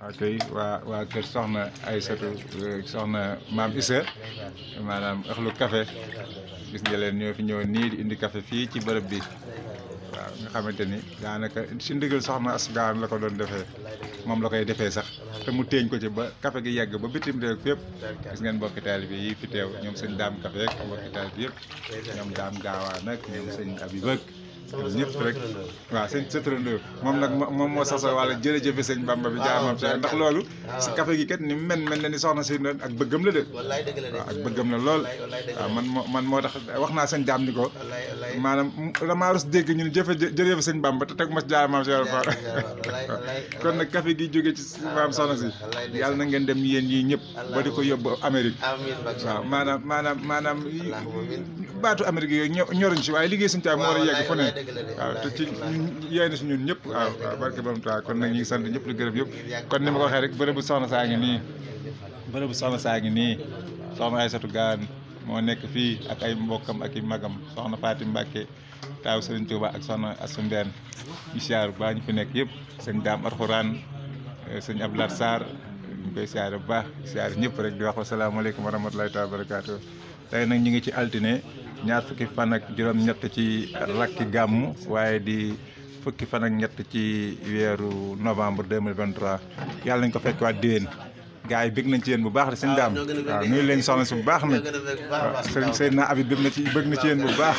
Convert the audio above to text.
waaw tey waa waa kër soxna Aysatu eh, soxna maam Issa maanaam axlu kafe gis nga leen ñoo fi ñëw nii di indi kafe fii ci bërëb bi waaw nga xamante ni daanaka si ndigal soxna asgaan la ko doon defee moom la koy defee sax te mu téeñ ko ci ba café gi yegg ba bitim réew fépp gis ngeen mbokki taalibe yi fi teew ñoom sëñ daam café ak mbokki taalibe yëpp ñoom daam gaawaa nag ñoom sëñ Abib ak ñëpp rek waaw sëñ sa turandoo moom nag moom moo sasa wala jërëjëfe sëñ Bamba bi jaamam sa ndax loolu si café gi kat ni mu mel mel na ni soxna si noonu ak bëggam la de waaw ak bëggam la lool waaw man moo man moo tax wax naa seen jaam ni ko maanaam damaa rus dégg ñu ne jëfe jërëjëfe sëñ Bamba te teg ma si jaamam si fa kon nag café gi jóge ci ah, maam soxna si yàlla na ngeen dem yéen yii ñëpp ba di ko yóbbu Amérique waaw maanaam maanaam maanaam baatu Amérique yooyu ñoruñ si waaye liggéey suñu taal moo war a yegg fu ne waaw te ci ñun ñëpp waaw barke borom kon nag ñu ngi sant ñëpp lu gërëm yëpp kon ni ma ko waxee rek bërëbu soxna saa ngi nii bërëbu soxna saa ngi nii soxna Aysatu Gaan moo nekk fii ak ay mbokkam ak i magam soxna Faati Mbàkke taaw Sëriñ ak soxna Asu Ndeen ñu siyaar baa ñu fi nekk yëpp sëñ Daam Arxuraan eh, sëñ Abdoulaye Sarr ñu koy siyaare bu baax siyaare ñëpp rek di wax wasalaamaaleykum wa rahmatulahi taala wa barakaatu tey nag ñu ngi ci altine ñaar fukki fan ak juróom-ñett ci rakki gàmm waaye di fukki fan ak ñett ci weeru novembre deux mille vingt yàlla nañ ko fekk waa déwén. gaa yi bëgg nañ ci yéen bu baax de sëñ daam waaw nuyu leen soxna si bu baax nag waaw sëñ Seydina Habib bëgg ci bëgg na ci yéen bu baax